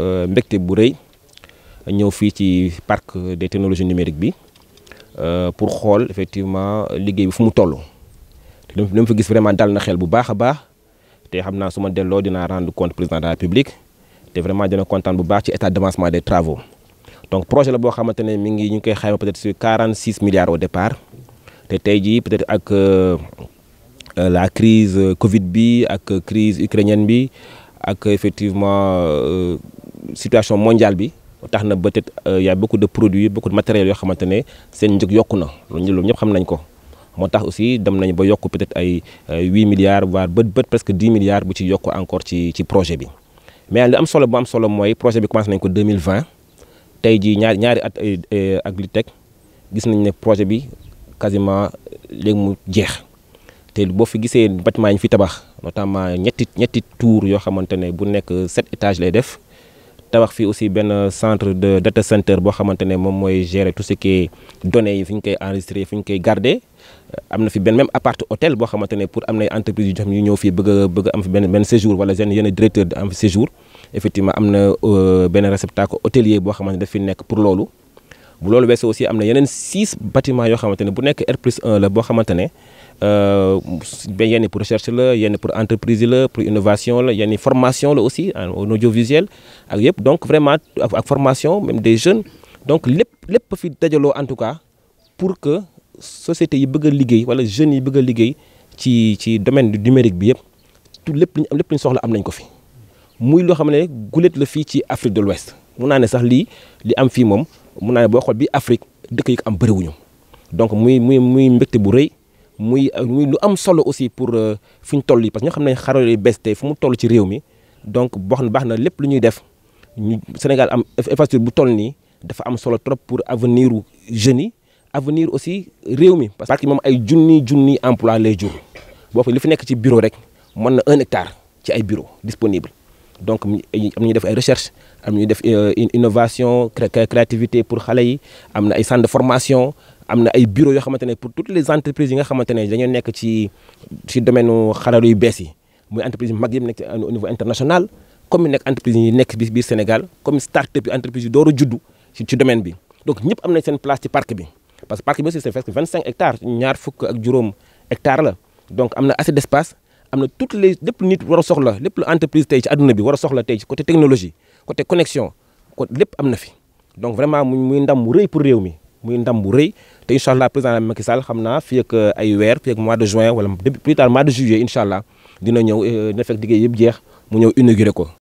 Euh, mbégte bu reuy ñëw fi ci parc des technologies numériques bi euh, pour xol effectivement liguey bi fu mu toll te fa gis vraiment dal na xel bu baaxa baax te xamna suma su dina rendre compte président de la République te vraiment dina content bu baax ci état d'avancement des travaux donc projet la bo xamantene mi ngi ñu koy xayma peut-être sur 46 milliards au départ te tay ji peut-être ak euh, la crise Covid bi ak crise ukrainienne bi ak effectivement situation mondiale bi tax na peut-être il euh, y a beaucoup de produits beaucoup de matériel yo xamantene ne seen njëg yokku na loolu ñëpp xam nañ ko motax aussi dem nañ ba yokku peut-être ay 8 milliards voire bët bët presque 10 milliards bu ci yokku encore ci ci projet bi mais li am solo bu am solo moy projet bi commencé nañ ko 2020 tay ji ñaari ñaari at euh, ak litek gis nañ ne projet bi quasiment léegi mu jeex té bo fi gisee bâtiment yi fi tabax notamment ñetti ñetti tour yo xamantene bu nek 7 étages lay def tabax fi aussi ben centre de data center bo xamantene mom moy gérer tout ce qui est données yi fi koy enregistrer fiñ koy garder euh, amna fi ben même appart hôtel bo xamantene pour am entreprise yu jox ñu ñëw fii bëgg bëgg am fi ben ben séjour wala seen yenn directeur di am séjour effectivement amna euh, ben réceptacle hôtelier bo xamantene ne fi nekk pour lolu bu lolu weesoo aussi amna na yeneen six bâtiments yo xamantene bu nekk R plus 1 la bo xamantene euh, ben yenn pour recherche la yenn pour entreprise là, pour innovation a yenn formation là aussi en audiovisuel ak donc vraiment ak formation même des jeunes donc les lépp fi dajaloo en tout cas pour que société yi bëgg a liggéey wala jeunes yi bëgg a liggéey ci ci domaine numérique bi yëpp tout lépp lu ñu lépp lu ñu soxla am nañ ko fi muy lo xamné ne la ci Afrique de l'Ouest mun naa sax li li am fi mom mun naa ne bi Afrique dëkk yi am am wuñu donc muy muy muy mbégte bu rëy. Euh, muy lu am solo aussi pour euh, fuñ ñu parce que ñoo xam ne xarala yu bees tey fu mu toll ci réew mi donc boo baax na lepp lu ñuy def ñu Sénégal am infrastructure bu toll nii dafa am solo trop pour avenir u avenir aussi réew mi parce que mom ay junni junni emploi lay jur bo fi li fi nek ci bureau rek mën na un hectare ci ay bureau disponible donc am na ñuy def ay recherche am na ñuy def euh, innovation créativité pour xalé yi am na ay centre de formation amna ay bureau yo xamantene pour toutes les entreprises yi nga xamantene dañu nek ci ci domaine xarala yu bees yi muy entreprise mag yi nek au niveau international comme une entreprise yi nek bi biir Sénégal comme start-up entreprise yu door juddu ci ci domaine bi donc ñëpp amna nañ seen place ci parc bi parce que parc bi aussi c'est presque 25 hectares ñaar fuk ak juroom hectares la donc amna assez d'espace amna toutes les lepp nit wara soxla lepp lu entreprise tay ci aduna bi wara soxla tay ci côté technologie côté connexion lepp amna fi donc vraiment muy ndam mu pour réew mi muy ndam bu rëy te inshallah allah président Macky Sall xam naa fii ak euh, ay weer fii ak mois de juin wala plus tard mois de juillet inshallah dina ñëw euh, na fekk liggéey yëpp jeex mu ñëw inaugurer ko